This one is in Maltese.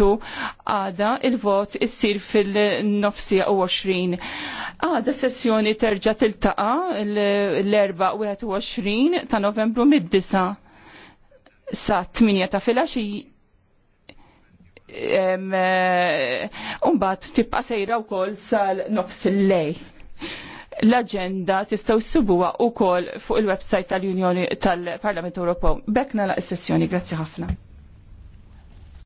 tu għada il-vot issir fil-nofsi 20. Għada sessjoni terġa tiltaqa l 21 ta' novembru mid disa sa' 8 ta' filaxi eh, Umbat tibqa sejra u kol sal-nofs l-lej. L-agenda tistaw s-subuwa u kol fuq il-websajt tal-Unjoni tal-Parlament Ewropew. Bekna la' sessjoni, grazzi ħafna.